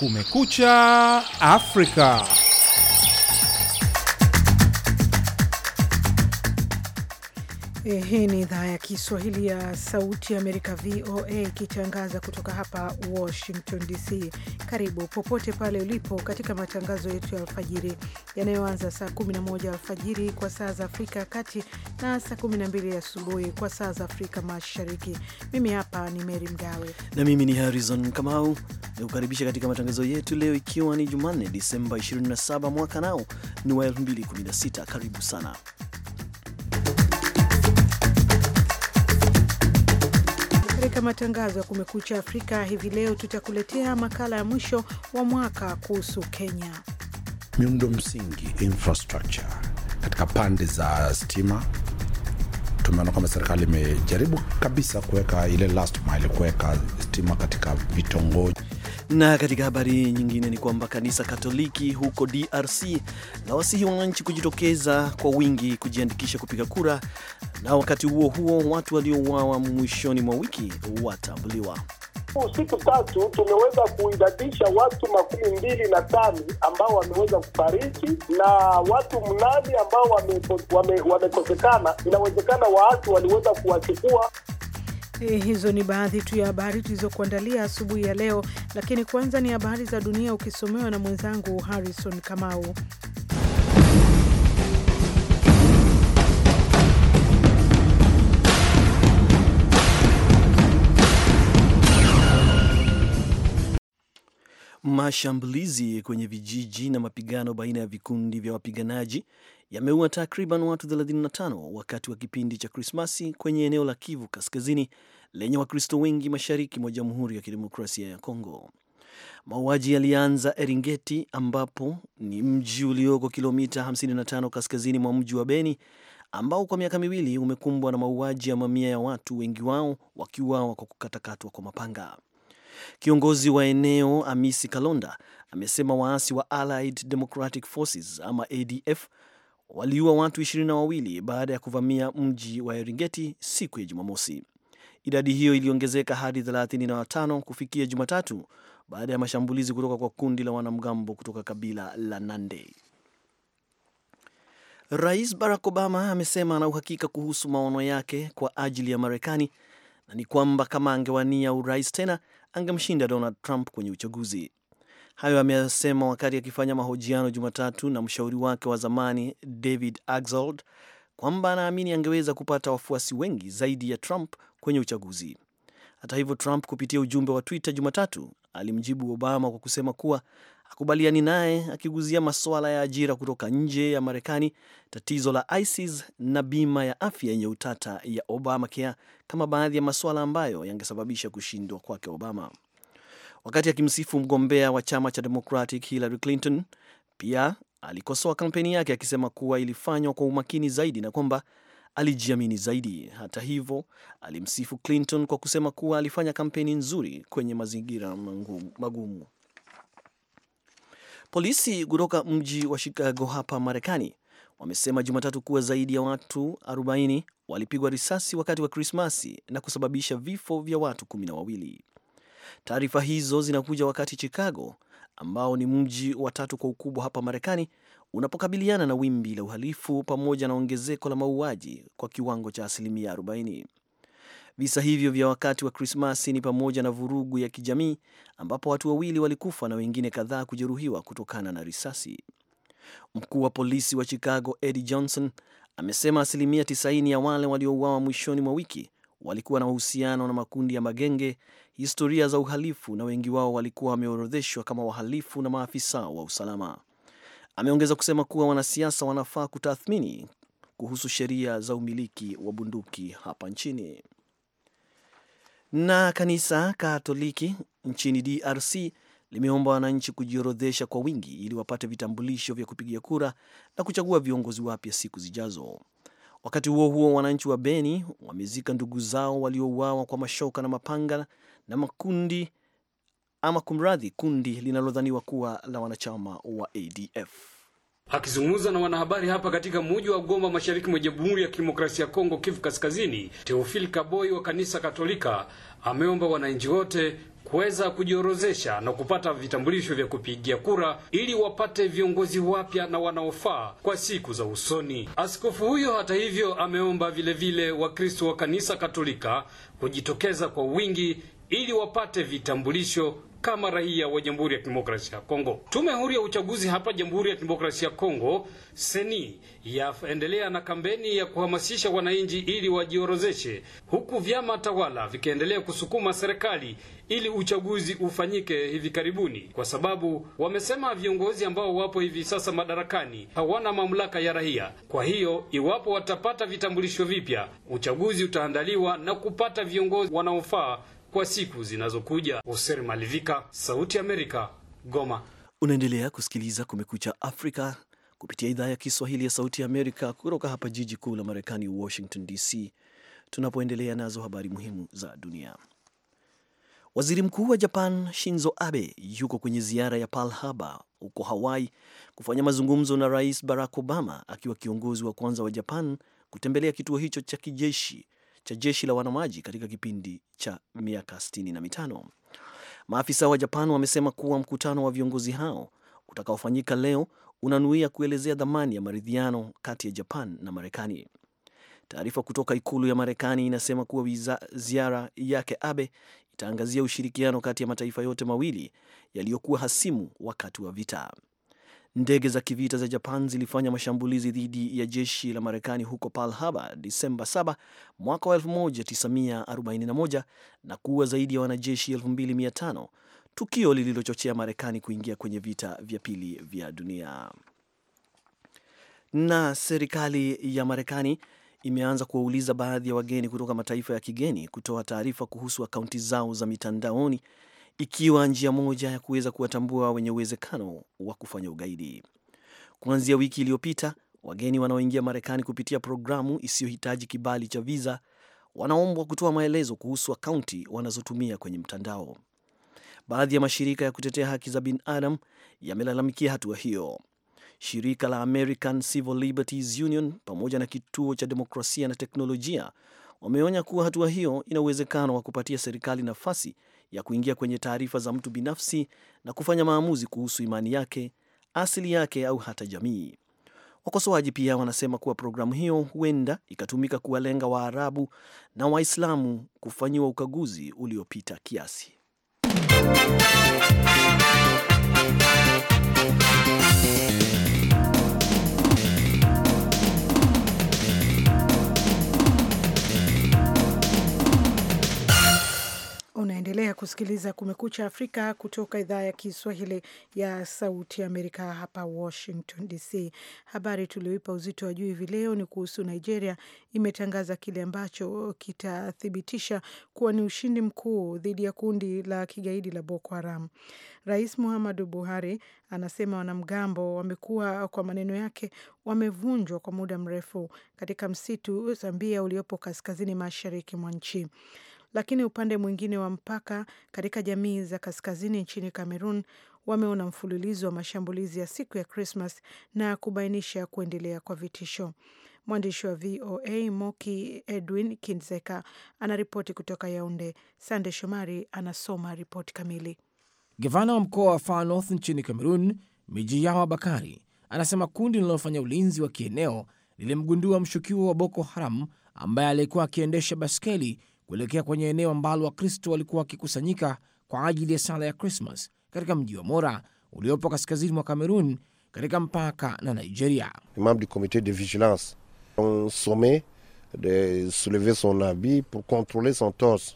Kumekucha Afrika. E, hii ni idhaa ya Kiswahili ya Sauti ya Amerika, VOA, ikitangaza kutoka hapa Washington DC. Karibu popote pale ulipo katika matangazo yetu ya alfajiri yanayoanza saa 11 alfajiri kwa saa za Afrika ya Kati na saa 12 asubuhi kwa saa za Afrika Mashariki. Mimi hapa ni Mary Mgawe na mimi ni Harrison Kamau, kukaribisha katika matangazo yetu leo, ikiwa ni Jumanne Disemba 27 mwaka nao ni wa 2016. Karibu sana Katika matangazo ya Kumekucha Afrika hivi leo, tutakuletea makala ya mwisho wa mwaka kuhusu Kenya, miundo msingi infrastructure katika pande za stima. Tumeona kwamba serikali imejaribu kabisa kuweka ile last mile, kuweka stima katika vitongoji na katika habari nyingine ni kwamba kanisa Katoliki huko DRC la wasihi wananchi kujitokeza kwa wingi kujiandikisha kupiga kura, na wakati huo huo watu waliouawa mwishoni mwa wiki watambuliwa. Siku tatu tumeweza kuidadisha watu makumi mbili na tano ambao wameweza kufariki na watu mnani ambao wamekosekana. Wame, wame inawezekana watu waliweza kuwachukua Eh, hizo ni baadhi tu ya habari tulizokuandalia asubuhi ya leo, lakini kwanza ni habari za dunia ukisomewa na mwenzangu Harrison Kamau. Mashambulizi kwenye vijiji na mapigano baina ya vikundi vya wapiganaji yameua takriban watu 35 wakati wa kipindi cha Krismasi kwenye eneo la Kivu Kaskazini lenye Wakristo wengi mashariki mwa Jamhuri ya Kidemokrasia ya Kongo. Mauaji yalianza Eringeti, ambapo ni mji ulioko kilomita 55 kaskazini mwa mji wa Beni, ambao kwa miaka miwili umekumbwa na mauaji ya mamia ya watu, wengi wao wakiuawa kwa kukatakatwa kwa mapanga. Kiongozi wa eneo Amisi Kalonda amesema waasi wa Allied Democratic Forces ama ADF waliua watu ishirini na wawili baada ya kuvamia mji wa Eringeti siku ya Jumamosi. Idadi hiyo iliongezeka hadi 35 kufikia Jumatatu baada ya mashambulizi kutoka kwa kundi la wanamgambo kutoka kabila la Nande. Rais Barack Obama amesema ana uhakika kuhusu maono yake kwa ajili ya Marekani na ni kwamba kama angewania urais tena angemshinda Donald Trump kwenye uchaguzi. Hayo ameyasema wakati akifanya mahojiano Jumatatu na mshauri wake wa zamani David Axelrod kwamba anaamini angeweza kupata wafuasi wengi zaidi ya Trump kwenye uchaguzi. Hata hivyo, Trump kupitia ujumbe wa Twitter Jumatatu alimjibu Obama kwa kusema kuwa hakubaliani naye, akiguzia masuala ya ajira kutoka nje ya Marekani, tatizo la ISIS na bima ya afya yenye utata ya Obamacare kama baadhi ya masuala ambayo yangesababisha kushindwa kwake Obama. Wakati akimsifu mgombea wa chama cha Democratic Hillary Clinton, pia alikosoa kampeni yake akisema kuwa ilifanywa kwa umakini zaidi na kwamba alijiamini zaidi. Hata hivyo, alimsifu Clinton kwa kusema kuwa alifanya kampeni nzuri kwenye mazingira magumu. Polisi kutoka mji wa Chicago hapa Marekani wamesema Jumatatu kuwa zaidi ya watu 40 walipigwa risasi wakati wa Krismasi na kusababisha vifo vya watu kumi na wawili. Taarifa hizo zinakuja wakati Chicago ambao ni mji wa tatu kwa ukubwa hapa Marekani unapokabiliana na wimbi la uhalifu pamoja na ongezeko la mauaji kwa kiwango cha asilimia Visa hivyo vya wakati wa Krismasi ni pamoja na vurugu ya kijamii ambapo watu wawili walikufa na wengine kadhaa kujeruhiwa kutokana na risasi. Mkuu wa polisi wa Chicago Eddie Johnson amesema asilimia 90 ya wale waliouawa mwishoni mwa wiki walikuwa na uhusiano na makundi ya magenge, historia za uhalifu, na wengi wao walikuwa wameorodheshwa kama wahalifu na maafisa wa usalama. Ameongeza kusema kuwa wanasiasa wanafaa kutathmini kuhusu sheria za umiliki wa bunduki hapa nchini. Na kanisa Katoliki nchini DRC limeomba wananchi kujiorodhesha kwa wingi ili wapate vitambulisho vya kupigia kura na kuchagua viongozi wapya siku zijazo. Wakati huo huo, wananchi wa Beni wamezika ndugu zao waliouawa kwa mashoka na mapanga na makundi ama kumradhi, kundi linalodhaniwa kuwa la wanachama wa ADF. Akizungumza na wanahabari hapa katika muji wa Goma, mashariki mwa Jamhuri ya Kidemokrasia ya Kongo, Kivu Kaskazini, Teofili Kaboi wa kanisa Katolika ameomba wananchi wote kuweza kujiorozesha na kupata vitambulisho vya kupigia kura ili wapate viongozi wapya na wanaofaa kwa siku za usoni. Askofu huyo hata hivyo ameomba vilevile Wakristo wa kanisa Katolika kujitokeza kwa wingi ili wapate vitambulisho kama raia wa Jamhuri ya Kidemokrasia ya Kongo. Tume huru ya uchaguzi hapa Jamhuri ya Kidemokrasia ya Kongo, seni yaendelea na kampeni ya kuhamasisha wananchi ili wajiorozeshe, huku vyama tawala vikiendelea kusukuma serikali ili uchaguzi ufanyike hivi karibuni, kwa sababu wamesema viongozi ambao wapo hivi sasa madarakani hawana mamlaka ya raia. Kwa hiyo iwapo watapata vitambulisho vipya, uchaguzi utaandaliwa na kupata viongozi wanaofaa kwa siku zinazokuja. Hoser Malivika, Sauti Amerika, Goma. Unaendelea kusikiliza Kumekucha Afrika kupitia idhaa ya Kiswahili ya Sauti Amerika kutoka hapa jiji kuu la Marekani, Washington DC, tunapoendelea nazo habari muhimu za dunia. Waziri Mkuu wa Japan Shinzo Abe yuko kwenye ziara ya Pearl Harbor huko Hawaii kufanya mazungumzo na Rais Barack Obama akiwa kiongozi wa kwanza wa Japan kutembelea kituo hicho cha kijeshi cha jeshi la wanamaji katika kipindi cha miaka 65. Maafisa wa Japan wamesema kuwa mkutano wa viongozi hao utakaofanyika leo unanuia kuelezea dhamani ya maridhiano kati ya Japan na Marekani. Taarifa kutoka ikulu ya Marekani inasema kuwa ziara yake Abe itaangazia ushirikiano kati ya mataifa yote mawili yaliyokuwa hasimu wakati wa vita. Ndege za kivita za Japan zilifanya mashambulizi dhidi ya jeshi la Marekani huko Pearl Harbor Disemba 7 mwaka 1941 na kuua zaidi ya wanajeshi 2500, tukio lililochochea Marekani kuingia kwenye vita vya pili vya dunia. Na serikali ya Marekani imeanza kuwauliza baadhi ya wageni kutoka mataifa ya kigeni kutoa taarifa kuhusu akaunti zao za mitandaoni ikiwa njia moja ya kuweza kuwatambua wenye uwezekano wa kufanya ugaidi. Kuanzia wiki iliyopita, wageni wanaoingia Marekani kupitia programu isiyohitaji kibali cha viza wanaombwa kutoa maelezo kuhusu akaunti wanazotumia kwenye mtandao. Baadhi ya mashirika ya kutetea haki za binadamu yamelalamikia hatua hiyo. Shirika la American Civil Liberties Union pamoja na kituo cha demokrasia na teknolojia wameonya kuwa hatua hiyo ina uwezekano wa kupatia serikali nafasi ya kuingia kwenye taarifa za mtu binafsi na kufanya maamuzi kuhusu imani yake, asili yake au hata jamii. Wakosoaji pia wanasema kuwa programu hiyo huenda ikatumika kuwalenga Waarabu na Waislamu kufanyiwa ukaguzi uliopita kiasi. Unaendelea kusikiliza Kumekucha Afrika kutoka idhaa ya Kiswahili ya Sauti ya Amerika hapa Washington DC. Habari tulioipa uzito wa juu hivi leo ni kuhusu Nigeria imetangaza kile ambacho kitathibitisha kuwa ni ushindi mkuu dhidi ya kundi la kigaidi la Boko Haram. Rais Muhammadu Buhari anasema wanamgambo wamekuwa, kwa maneno yake, wamevunjwa kwa muda mrefu katika msitu Zambia uliopo kaskazini mashariki mwa nchi lakini upande mwingine wa mpaka katika jamii za kaskazini nchini Kamerun wameona mfululizo wa mashambulizi ya siku ya Krismas na kubainisha kuendelea kwa vitisho. Mwandishi wa VOA Moki Edwin Kinzeka anaripoti kutoka Yaunde. Sande Shomari anasoma ripoti kamili. Gavana wa mkoa wa Far North nchini Cameroon, yawa Bakari, anasema kundi linalofanya ulinzi wa kieneo lilimgundua mshukiwa wa Boko Haram ambaye alikuwa akiendesha baskeli kuelekea kwenye eneo ambalo Wakristo walikuwa wakikusanyika kwa ajili ya sala ya Krismas katika mji wa Mora uliopo kaskazini mwa Kamerun katika mpaka na Nigeria. Membre du comité de vigilance de soulever son habit pour son torse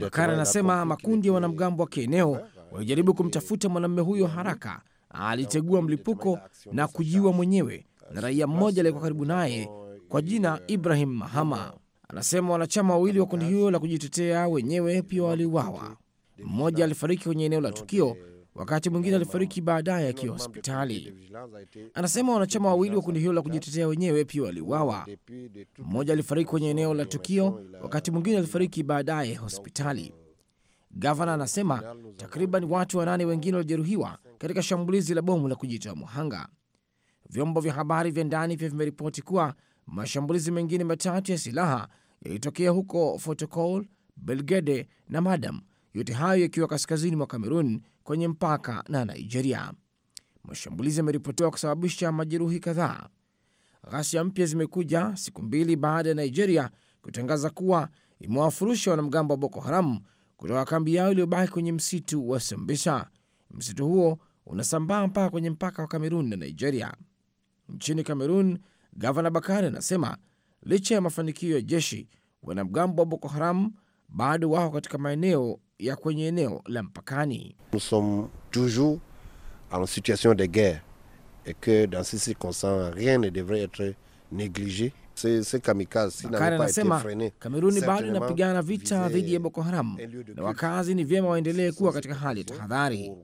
Bakara euh, anasema makundi ya wanamgambo wa kieneo walijaribu kumtafuta mwanamume huyo haraka. Alitegua mlipuko na kujiua mwenyewe na raia mmoja aliyekuwa karibu naye kwa jina Ibrahim Mahama. Anasema wanachama wawili wa kundi hilo la kujitetea wenyewe pia waliuawa. Mmoja alifariki kwenye eneo la tukio, wakati mwingine alifariki baadaye akiwa hospitali. Anasema wanachama wawili wa kundi hilo la kujitetea wenyewe pia waliuawa. Mmoja alifariki kwenye eneo la tukio, wakati mwingine alifariki baadaye hospitali. Gavana anasema takriban watu wanane wengine walijeruhiwa katika shambulizi la bomu la kujitoa muhanga. Vyombo vya habari vya ndani pia vimeripoti kuwa mashambulizi mengine matatu ya silaha yalitokea huko Fotokol, Belgede na Madam, yote hayo yakiwa kaskazini mwa Kamerun kwenye mpaka na Nigeria. Mashambulizi yameripotiwa kusababisha majeruhi kadhaa. Ghasia mpya zimekuja siku mbili baada ya Nigeria kutangaza kuwa imewafurusha wanamgambo wa Boko Haram kutoka kambi yao iliyobaki kwenye msitu wa Sambisa. Msitu huo unasambaa mpaka kwenye mpaka wa Kamerun na Nigeria. Nchini Kamerun, gavana Bakari anasema Licha ya mafanikio ya jeshi, wanamgambo wa Boko Haram bado wako katika maeneo ya kwenye eneo la mpakani. Bakari anasema Kameruni bado inapigana vita dhidi ya Boko Haram na wakazi ni vyema waendelee kuwa katika hali ya tahadhari. Euh,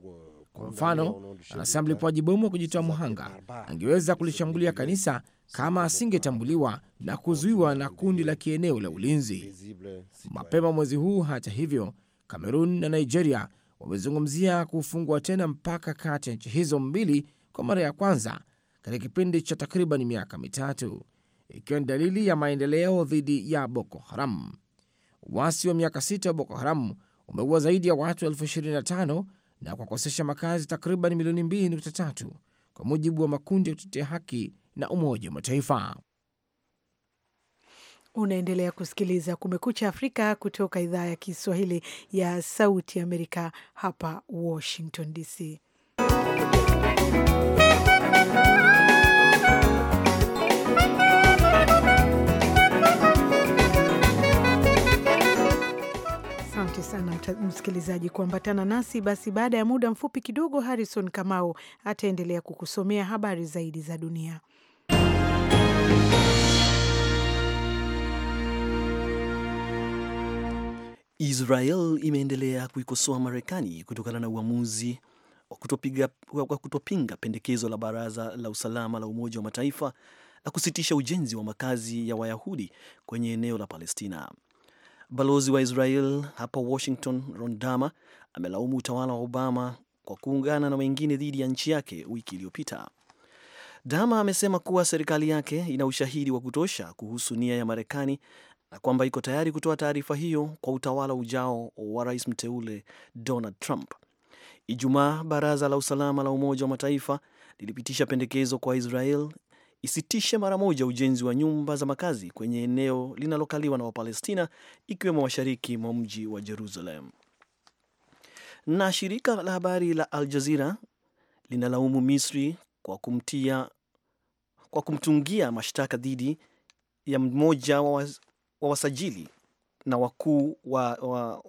Kwa mfano, anasema mlipuaji bomu wa kujitoa muhanga angeweza kulishambulia kanisa kama asingetambuliwa na kuzuiwa na kundi la kieneo la ulinzi. Mapema mwezi huu, hata hivyo, Kamerun na Nigeria wamezungumzia kufungua tena mpaka kati ya nchi hizo mbili kwa mara ya kwanza katika kipindi cha takriban miaka mitatu, ikiwa ni dalili ya maendeleo dhidi ya Boko Haram. Uasi wa miaka sita wa Boko Haram umeua zaidi ya watu elfu ishirini na tano na kuwakosesha makazi takriban milioni 23 kwa mujibu wa makundi ya kutetea haki na Umoja wa Mataifa. Unaendelea kusikiliza Kumekucha Afrika kutoka idhaa ya Kiswahili ya Sauti Amerika, hapa Washington DC. sana msikilizaji kuambatana nasi. Basi baada ya muda mfupi kidogo, Harrison Kamau ataendelea kukusomea habari zaidi za dunia. Israel imeendelea kuikosoa Marekani kutokana na uamuzi wa kutopinga pendekezo la Baraza la Usalama la Umoja wa Mataifa la kusitisha ujenzi wa makazi ya Wayahudi kwenye eneo la Palestina. Balozi wa Israel hapa Washington, Ron Dama, amelaumu utawala wa Obama kwa kuungana na wengine dhidi ya nchi yake wiki iliyopita. Dama amesema kuwa serikali yake ina ushahidi wa kutosha kuhusu nia ya Marekani na kwamba iko tayari kutoa taarifa hiyo kwa utawala ujao wa rais mteule Donald Trump. Ijumaa, baraza la usalama la Umoja wa Mataifa lilipitisha pendekezo kwa Israel isitishe mara moja ujenzi wa nyumba za makazi kwenye eneo linalokaliwa na Wapalestina, ikiwemo mashariki mwa mji wa Jerusalem. Na shirika la habari la Al Jazira linalaumu Misri kwa kumtia, kwa kumtungia mashtaka dhidi ya mmoja wa wa wasajili na wakuu wa, wa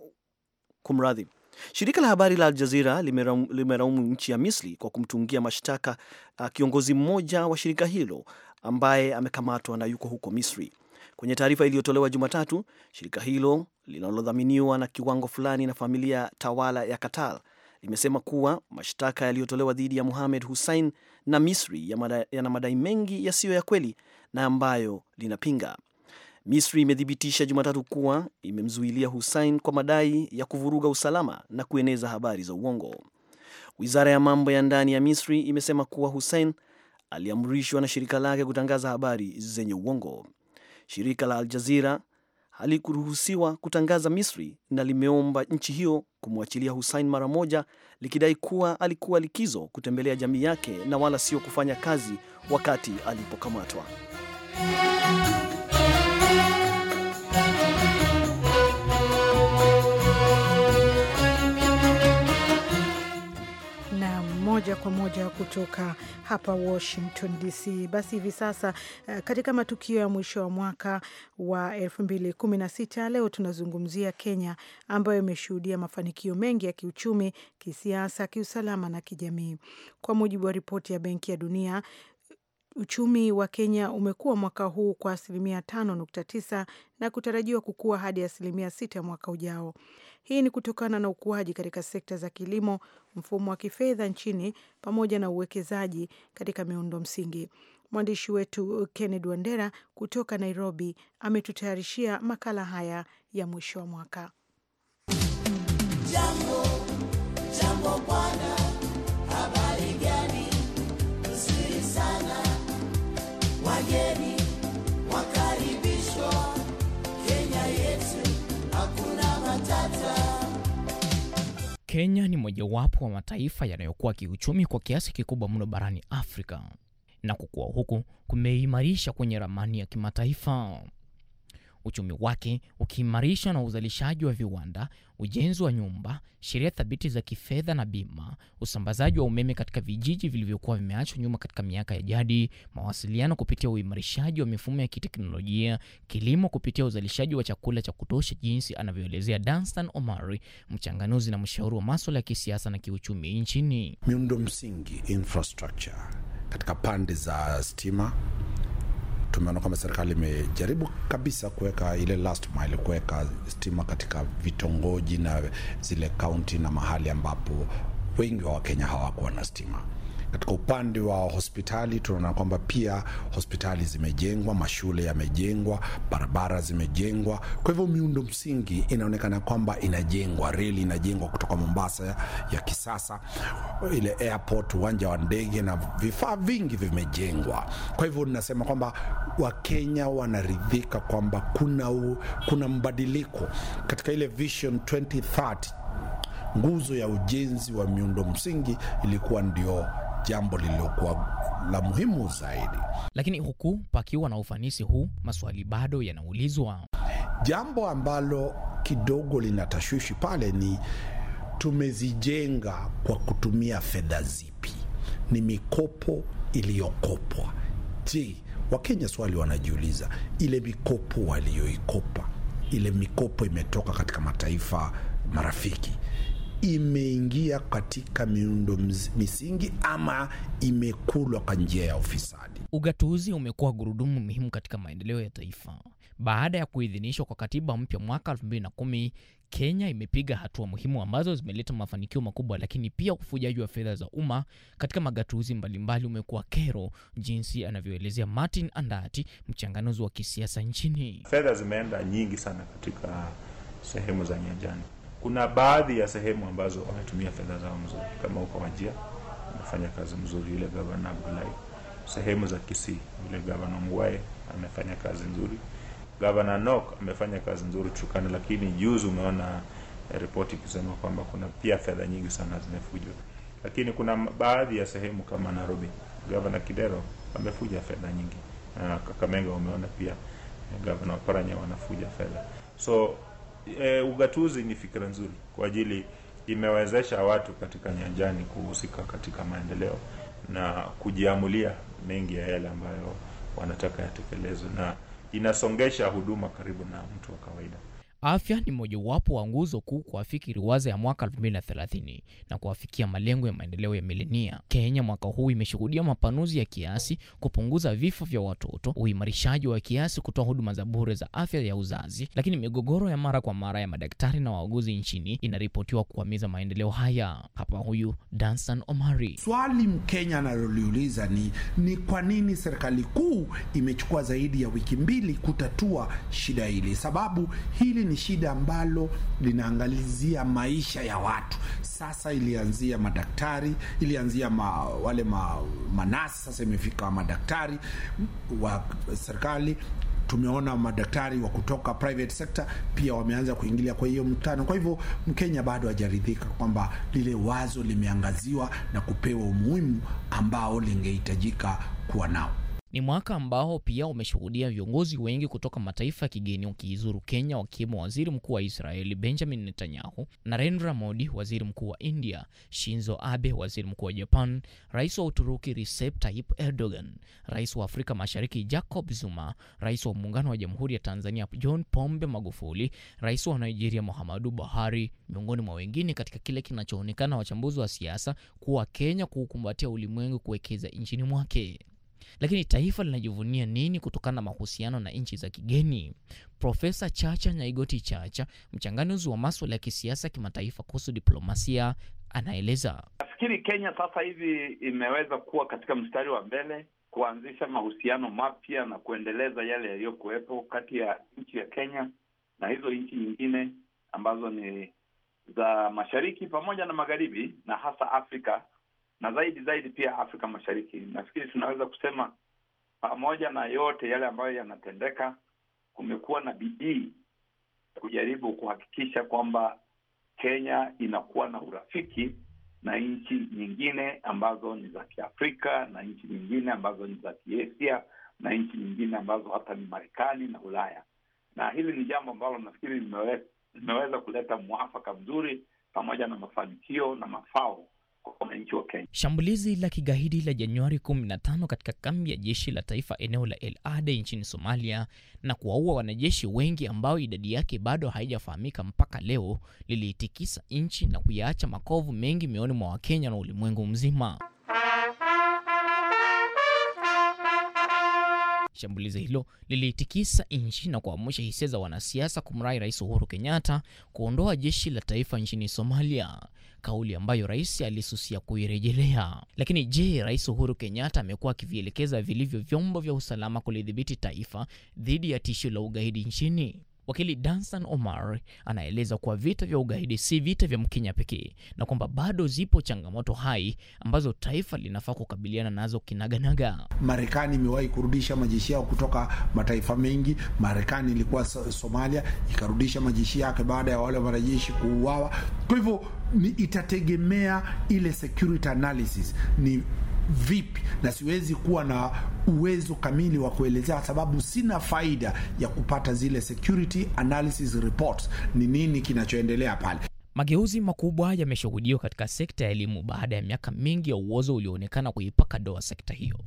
kumradhi Shirika la habari la Al limeraumu nchi ya Misri kwa kumtungia mashtaka ah, kiongozi mmoja wa shirika hilo ambaye amekamatwa na yuko huko Misri. Kwenye taarifa iliyotolewa Jumatatu, shirika hilo linalodhaminiwa na kiwango fulani na familia tawala ya Qatar limesema kuwa mashtaka yaliyotolewa dhidi ya muhamed Hussein na Misri yana madai mengi yasiyo ya kweli na ambayo linapinga. Misri imethibitisha Jumatatu kuwa imemzuilia Hussein kwa madai ya kuvuruga usalama na kueneza habari za uongo. Wizara ya mambo ya ndani ya Misri imesema kuwa Hussein aliamrishwa na shirika lake kutangaza habari zenye uongo. Shirika la aljazira halikuruhusiwa kutangaza Misri na limeomba nchi hiyo kumwachilia Hussein mara moja, likidai kuwa alikuwa likizo kutembelea jamii yake na wala sio kufanya kazi wakati alipokamatwa. moja kwa moja kutoka hapa Washington DC. Basi hivi sasa eh, katika matukio ya mwisho wa mwaka wa 2016 leo tunazungumzia Kenya ambayo imeshuhudia mafanikio mengi ya kiuchumi, kisiasa, kiusalama na kijamii. Kwa mujibu wa ripoti ya Benki ya Dunia, Uchumi wa Kenya umekuwa mwaka huu kwa asilimia 5.9 na kutarajiwa kukua hadi asilimia sita mwaka ujao. Hii ni kutokana na ukuaji katika sekta za kilimo, mfumo wa kifedha nchini, pamoja na uwekezaji katika miundo msingi. Mwandishi wetu Kennedy Wandera kutoka Nairobi ametutayarishia makala haya ya mwisho wa mwaka. Jambo, jambo bwana. Kenya ni mojawapo wa mataifa yanayokuwa kiuchumi kwa kiasi kikubwa mno barani Afrika, na kukua huku kumeimarisha kwenye ramani ya kimataifa uchumi wake ukiimarishwa na uzalishaji wa viwanda, ujenzi wa nyumba, sheria thabiti za kifedha na bima, usambazaji wa umeme katika vijiji vilivyokuwa vimeachwa nyuma katika miaka ya jadi, mawasiliano kupitia uimarishaji wa mifumo ya kiteknolojia, kilimo kupitia uzalishaji wa chakula cha kutosha, jinsi anavyoelezea Danstan Omari, mchanganuzi na mshauri wa maswala ya kisiasa na kiuchumi nchini. Miundo msingi infrastructure katika pande za stima tumeona kwamba serikali imejaribu kabisa kuweka ile last mile, kuweka stima katika vitongoji na zile kaunti na mahali ambapo wengi wa Wakenya hawakuwa na stima. Katika upande wa hospitali tunaona kwamba pia hospitali zimejengwa, mashule yamejengwa, barabara zimejengwa. Kwa hivyo miundo msingi inaonekana kwamba inajengwa, reli inajengwa kutoka Mombasa ya kisasa, ile airport, uwanja wa ndege na vifaa vingi vimejengwa. Kwa hivyo ninasema kwamba Wakenya wanaridhika kwamba kuna, u, kuna mbadiliko katika ile Vision 2030 nguzo ya ujenzi wa miundo msingi ilikuwa ndio jambo lililokuwa la muhimu zaidi. Lakini huku pakiwa na ufanisi huu, maswali bado yanaulizwa. Jambo ambalo kidogo lina tashwishi pale ni tumezijenga kwa kutumia fedha zipi? Ni mikopo iliyokopwa. Je, Wakenya swali wanajiuliza, ile mikopo waliyoikopa, ile mikopo imetoka katika mataifa marafiki imeingia katika miundo misingi ama imekulwa kwa njia ya ufisadi. Ugatuzi umekuwa gurudumu muhimu katika maendeleo ya taifa. Baada ya kuidhinishwa kwa katiba mpya mwaka 2010, Kenya imepiga hatua muhimu ambazo zimeleta mafanikio makubwa, lakini pia ufujaji wa fedha za umma katika magatuzi mbalimbali umekuwa kero, jinsi anavyoelezea Martin Andati, mchanganuzi wa kisiasa nchini. Fedha zimeenda nyingi sana katika sehemu za nyanjani kuna baadhi ya sehemu ambazo wametumia fedha zao mzuri, kama huko Wajia amefanya kazi mzuri yule gavana Abdullahi, sehemu za Kisii yule gavana Mwae amefanya kazi nzuri, gavana Nok amefanya kazi nzuri Chukana, lakini juzi umeona eh, ripoti ikisema kwamba kuna pia fedha nyingi sana zimefujwa, lakini kuna baadhi ya sehemu kama Nairobi gavana Kidero amefuja fedha nyingi, na ah, Kakamega umeona pia eh, gavana Oparanya wanafuja fedha so e, ugatuzi ni fikra nzuri kwa ajili imewezesha watu katika nyanjani kuhusika katika maendeleo na kujiamulia mengi ya yale ambayo wanataka yatekelezwe, na inasongesha huduma karibu na mtu wa kawaida. Afya ni mojawapo wa nguzo kuu fikiri ruwaza ya mwaka 2030 na kuafikia malengo ya maendeleo ya milenia. Kenya mwaka huu imeshuhudia mapanuzi ya kiasi kupunguza vifo vya watoto, uimarishaji wa kiasi kutoa huduma za bure za afya ya uzazi, lakini migogoro ya mara kwa mara ya madaktari na wauguzi nchini inaripotiwa kukwamiza maendeleo haya. Hapa huyu Dansan Omari. Swali Mkenya analoliuliza ni ni kwa nini serikali kuu imechukua zaidi ya wiki mbili kutatua shida hili? Sababu hili ni shida ambalo linaangalizia maisha ya watu. Sasa ilianzia madaktari, ilianzia ma, wale ma, manasi, sasa imefika madaktari wa serikali tumeona madaktari wa kutoka private sector pia wameanza kuingilia kwa hiyo mkutano. Kwa hivyo Mkenya bado hajaridhika kwamba lile wazo limeangaziwa na kupewa umuhimu ambao lingehitajika kuwa nao. Ni mwaka ambao pia umeshuhudia viongozi wengi kutoka mataifa ya kigeni wakiizuru Kenya, wakiwemo waziri mkuu wa Israeli Benjamin Netanyahu, Narendra Modi waziri mkuu wa India, Shinzo Abe waziri mkuu wa Japan, rais wa Uturuki Recep Tayyip Erdogan, rais wa Afrika Mashariki Jacob Zuma, rais wa Muungano wa Jamhuri ya Tanzania John Pombe Magufuli, rais wa Nigeria Muhammadu Buhari, miongoni mwa wengine, katika kile kinachoonekana wachambuzi wa siasa kuwa Kenya kuukumbatia ulimwengu kuwekeza nchini mwake. Lakini taifa linajivunia nini kutokana na mahusiano na nchi za kigeni? Profesa Chacha Nyaigoti Chacha, mchanganuzi wa maswala ya kisiasa kimataifa kuhusu diplomasia, anaeleza. Nafikiri Kenya sasa hivi imeweza kuwa katika mstari wa mbele kuanzisha mahusiano mapya na kuendeleza yale yaliyokuwepo kati ya nchi ya Kenya na hizo nchi nyingine ambazo ni za mashariki pamoja na magharibi na hasa Afrika na zaidi zaidi pia Afrika Mashariki. Nafikiri tunaweza kusema pamoja na yote yale ambayo yanatendeka, kumekuwa na bidii kujaribu kuhakikisha kwamba Kenya inakuwa na urafiki na nchi nyingine ambazo ni za Kiafrika na nchi nyingine ambazo ni za Kiasia na nchi nyingine ambazo hata ni Marekani na Ulaya, na hili ni jambo ambalo nafikiri limeweza kuleta mwafaka mzuri pamoja na mafanikio na mafao wananchi wa Kenya. Shambulizi la kigaidi la Januari 15 katika kambi ya jeshi la taifa eneo la El Ade nchini Somalia na kuwaua wanajeshi wengi ambao idadi yake bado haijafahamika mpaka leo liliitikisa nchi na kuyaacha makovu mengi mioni mwa Wakenya na ulimwengu mzima. Shambulizi hilo liliitikisa nchi na kuamsha hisia za wanasiasa kumrai Rais Uhuru Kenyatta kuondoa jeshi la taifa nchini Somalia, kauli ambayo rais alisusia kuirejelea. Lakini je, Rais Uhuru Kenyatta amekuwa akivielekeza vilivyo vyombo vya usalama kulidhibiti taifa dhidi ya tishio la ugaidi nchini? Wakili Dansan Omar anaeleza kuwa vita vya ugaidi si vita vya Mkenya pekee na kwamba bado zipo changamoto hai ambazo taifa linafaa kukabiliana nazo kinaganaga. Marekani imewahi kurudisha majeshi yao kutoka mataifa mengi. Marekani ilikuwa Somalia ikarudisha majeshi yake baada ya wale wanajeshi kuuawa. Kwa hivyo itategemea ile security analysis ni vipi, na siwezi kuwa na uwezo kamili wa kuelezea, kwa sababu sina faida ya kupata zile security analysis reports, ni nini kinachoendelea pale. Mageuzi makubwa yameshuhudiwa katika sekta ya elimu baada ya miaka mingi ya uozo ulioonekana kuipaka doa sekta hiyo.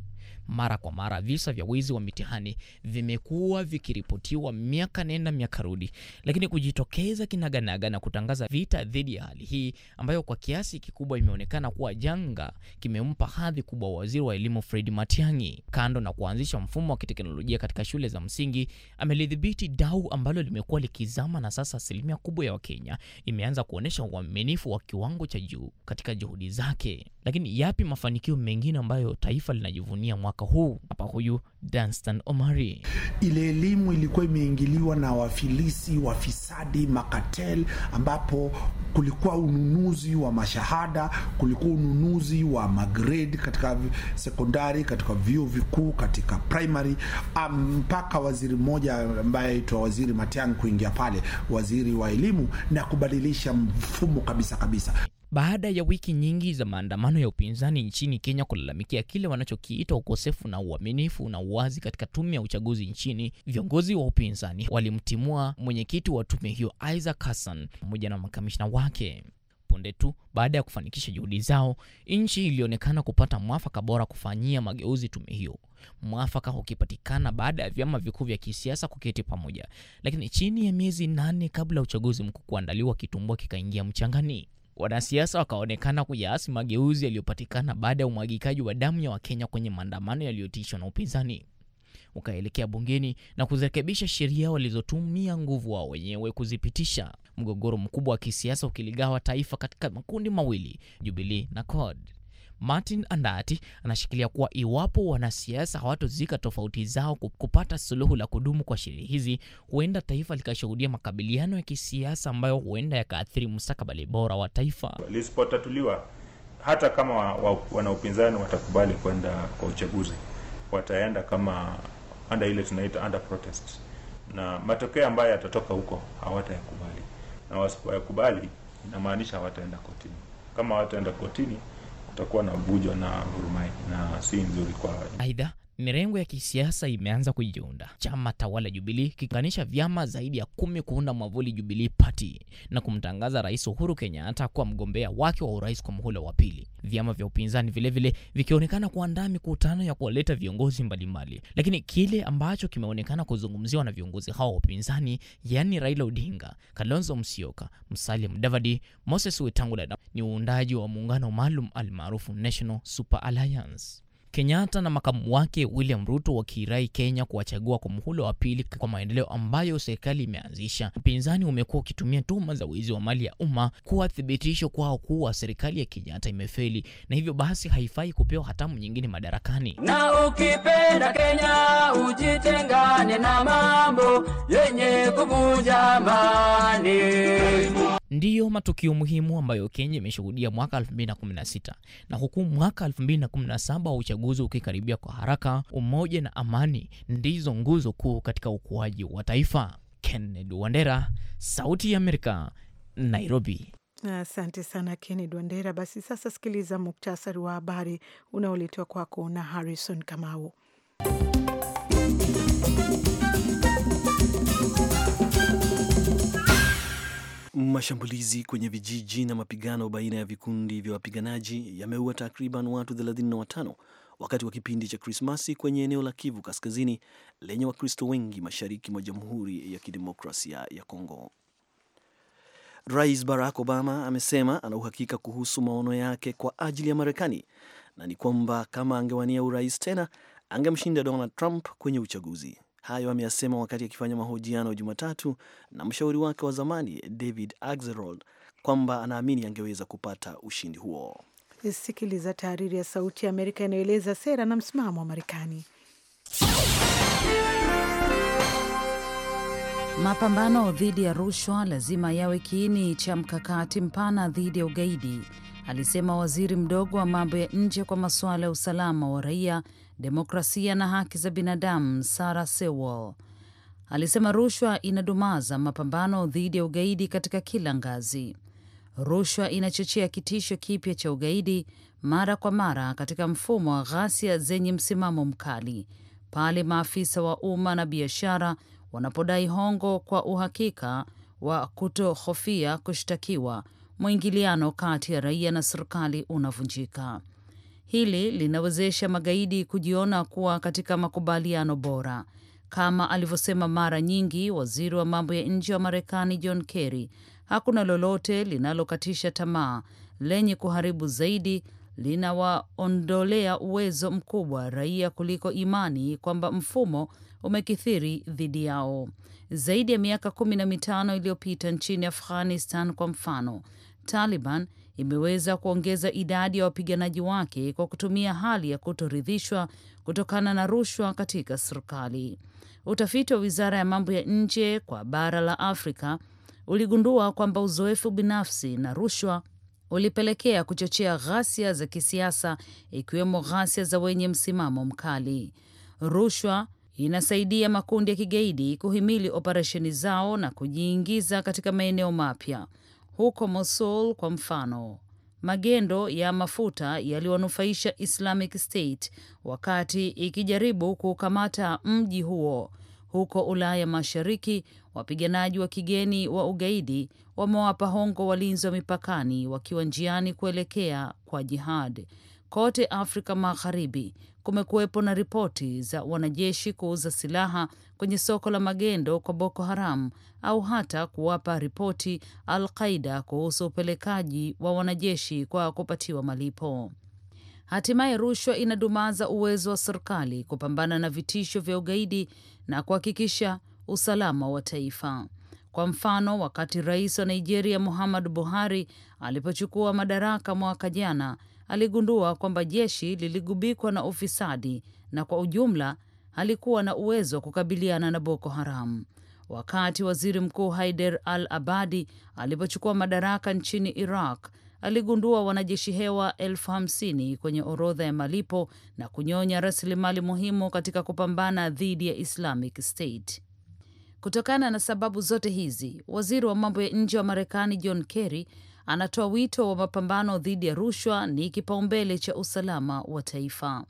Mara kwa mara visa vya wizi wa mitihani vimekuwa vikiripotiwa miaka nenda miaka rudi, lakini kujitokeza kinaganaga na kutangaza vita dhidi ya hali hii ambayo kwa kiasi kikubwa imeonekana kuwa janga kimempa hadhi kubwa waziri wa elimu Fred Matiang'i. Kando na kuanzisha mfumo wa kiteknolojia katika shule za msingi, amelidhibiti dau ambalo limekuwa likizama, na sasa asilimia kubwa ya Wakenya imeanza kuonyesha uaminifu wa kiwango cha juu katika juhudi zake. Lakini yapi mafanikio mengine ambayo taifa linajivunia mwaka mwaka huu hapa. Huyu Danstan Omari, ile elimu ilikuwa imeingiliwa na wafilisi, wafisadi, makatel, ambapo kulikuwa ununuzi wa mashahada, kulikuwa ununuzi wa magrade katika sekondari, katika vyuo vikuu, katika primary, ah, mpaka waziri mmoja ambaye aitwa Waziri Matiang'i kuingia pale, waziri wa elimu na kubadilisha mfumo kabisa kabisa baada ya wiki nyingi za maandamano ya upinzani nchini Kenya kulalamikia kile wanachokiita ukosefu na uaminifu na uwazi katika tume ya uchaguzi nchini, viongozi wa upinzani walimtimua mwenyekiti wa tume hiyo Isaac Hassan pamoja na makamishna wake. Punde tu baada ya kufanikisha juhudi zao, nchi ilionekana kupata mwafaka bora kufanyia mageuzi tume hiyo. Mwafaka ukipatikana baada ya vyama vikuu vya kisiasa kuketi pamoja, lakini chini ya miezi nane kabla ya uchaguzi mkuu kuandaliwa, kitumbua kikaingia mchangani. Wanasiasa wakaonekana kuyaasi mageuzi yaliyopatikana baada ya umwagikaji wa damu ya Wakenya kwenye maandamano yaliyotishwa na upinzani. Wakaelekea bungeni na kuzirekebisha sheria walizotumia nguvu wao wenyewe kuzipitisha, mgogoro mkubwa wa kisiasa ukiligawa taifa katika makundi mawili, Jubilee na CORD. Martin Andati anashikilia kuwa iwapo wanasiasa hawatozika tofauti zao kupata suluhu la kudumu kwa sheria hizi, huenda taifa likashuhudia makabiliano ya kisiasa ambayo huenda yakaathiri mustakabali bora wa taifa. Lisipotatuliwa, hata kama wanaupinzani watakubali kwenda kwa uchaguzi, wataenda kama anda ile tunaita under protest, na matokeo ambayo yatatoka huko hawatayakubali, na wasipoyakubali inamaanisha hawataenda kotini. Kama hawataenda kotini kutakuwa na vujo na vurumai na si nzuri kwa. Aidha, Mirengo ya kisiasa imeanza kujiunda. Chama tawala Jubilee kikanisha vyama zaidi ya kumi kuunda mwavuli Jubilee Party na kumtangaza Rais Uhuru Kenyatta kuwa mgombea wake wa urais kwa muhula wa pili, vyama vya upinzani vilevile vikionekana kuandaa mikutano ya kuwaleta viongozi mbalimbali. Lakini kile ambacho kimeonekana kuzungumziwa na viongozi hao wa upinzani, yaani Raila Odinga, Kalonzo Musyoka, Musalia Mudavadi, Moses Wetangula, ni uundaji wa muungano maalum almaarufu National Super Alliance. Kenyatta na makamu wake William Ruto wakirai Kenya kuwachagua kwa muhula wa pili kwa maendeleo ambayo serikali imeanzisha. Upinzani umekuwa ukitumia tuhuma za wizi wa mali ya umma kuwa thibitisho kwao kuwa serikali ya Kenyatta imefeli na hivyo basi haifai kupewa hatamu nyingine madarakani. Na ukipenda Kenya ujitengane na mambo yenye kuvunja amani ndiyo matukio muhimu ambayo Kenya imeshuhudia mwaka 2016 na huku mwaka 2017 wa uchaguzi ukikaribia kwa haraka, umoja na amani ndizo nguzo kuu katika ukuaji wa taifa. Kennedy Wandera, Sauti ya Amerika, Nairobi. Asante sana kenned Wandera. Basi sasa sikiliza muktasari wa habari unaoletwa kwako na Harrison Kamau. Mashambulizi kwenye vijiji na mapigano baina ya vikundi vya wapiganaji yameua takriban watu 35 wakati wa kipindi cha Krismasi kwenye eneo la Kivu Kaskazini lenye Wakristo wengi mashariki mwa Jamhuri ya Kidemokrasia ya Kongo. Rais Barack Obama amesema ana uhakika kuhusu maono yake kwa ajili ya Marekani na ni kwamba kama angewania urais tena angemshinda Donald Trump kwenye uchaguzi. Hayo ameyasema wakati akifanya mahojiano Jumatatu na mshauri wake wa zamani David Axelrod kwamba anaamini angeweza kupata ushindi huo. Sikiliza tahariri ya Sauti ya Amerika inayoeleza sera na msimamo wa Marekani. Mapambano dhidi ya rushwa lazima yawe kiini cha mkakati mpana dhidi ya ugaidi, alisema waziri mdogo wa mambo ya nje kwa masuala ya usalama wa raia demokrasia na haki za binadamu Sara Sewall alisema rushwa inadumaza mapambano dhidi ya ugaidi katika kila ngazi. Rushwa inachochea kitisho kipya cha ugaidi mara kwa mara katika mfumo wa ghasia zenye msimamo mkali, pale maafisa wa umma na biashara wanapodai hongo kwa uhakika wa kutohofia kushtakiwa. Mwingiliano kati ya raia na serikali unavunjika. Hili linawezesha magaidi kujiona kuwa katika makubaliano bora, kama alivyosema mara nyingi waziri wa mambo ya nje wa Marekani John Kerry. Hakuna lolote linalokatisha tamaa, lenye kuharibu zaidi, linawaondolea uwezo mkubwa raia kuliko imani kwamba mfumo umekithiri dhidi yao. Zaidi ya miaka kumi na mitano iliyopita nchini Afghanistan, kwa mfano, Taliban imeweza kuongeza idadi ya wapiganaji wake kwa kutumia hali ya kutoridhishwa kutokana na rushwa katika serikali. Utafiti wa wizara ya mambo ya nje kwa bara la Afrika uligundua kwamba uzoefu binafsi na rushwa ulipelekea kuchochea ghasia za kisiasa ikiwemo ghasia za wenye msimamo mkali. Rushwa inasaidia makundi ya kigaidi kuhimili operesheni zao na kujiingiza katika maeneo mapya huko Mosul kwa mfano. Magendo ya mafuta yaliwanufaisha Islamic State wakati ikijaribu kukamata mji huo. Huko Ulaya Mashariki, wapiganaji wa kigeni wa ugaidi wamewapa hongo walinzi wa mipakani wakiwa njiani kuelekea kwa jihad. Kote Afrika Magharibi, kumekuwepo na ripoti za wanajeshi kuuza silaha kwenye soko la magendo kwa Boko Haram au hata kuwapa ripoti Al Qaida kuhusu upelekaji wa wanajeshi kwa kupatiwa malipo. Hatimaye rushwa inadumaza uwezo wa serikali kupambana na vitisho vya ugaidi na kuhakikisha usalama wa taifa. Kwa mfano, wakati rais wa Nigeria Muhammadu Buhari alipochukua madaraka mwaka jana, aligundua kwamba jeshi liligubikwa na ufisadi na kwa ujumla halikuwa na uwezo wa kukabiliana na Boko Haram. Wakati waziri mkuu Haider al Abadi alipochukua madaraka nchini Iraq, aligundua wanajeshi hewa elfu hamsini kwenye orodha ya malipo na kunyonya rasilimali muhimu katika kupambana dhidi ya Islamic State. Kutokana na sababu zote hizi, waziri wa mambo ya nje wa Marekani John Kerry anatoa wito wa mapambano dhidi ya rushwa ni kipaumbele cha usalama wa taifa.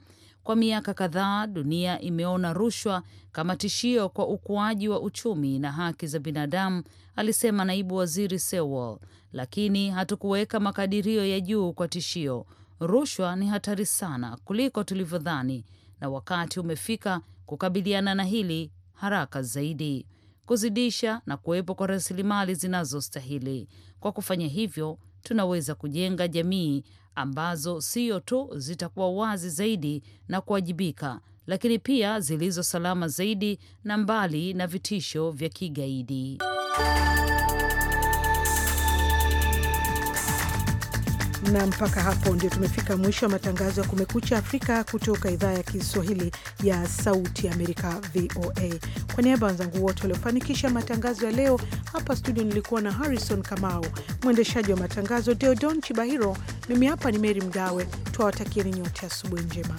Kwa miaka kadhaa dunia imeona rushwa kama tishio kwa ukuaji wa uchumi na haki za binadamu, alisema naibu waziri Sewol, lakini hatukuweka makadirio ya juu kwa tishio. Rushwa ni hatari sana kuliko tulivyodhani, na wakati umefika kukabiliana na hili haraka zaidi kuzidisha na kuwepo kwa rasilimali zinazostahili. Kwa kufanya hivyo, tunaweza kujenga jamii ambazo sio tu zitakuwa wazi zaidi na kuwajibika, lakini pia zilizo salama zaidi na mbali na vitisho vya kigaidi. na mpaka hapo ndio tumefika mwisho wa matangazo ya Kumekucha Afrika kutoka idhaa ya Kiswahili ya Sauti Amerika, VOA. Kwa niaba ya wenzangu wote waliofanikisha matangazo ya leo hapa studio, nilikuwa na Harrison Kamau, mwendeshaji wa matangazo Deodon Chibahiro, mimi hapa ni Meri Mgawe. Twawatakieni nyote asubuhi njema.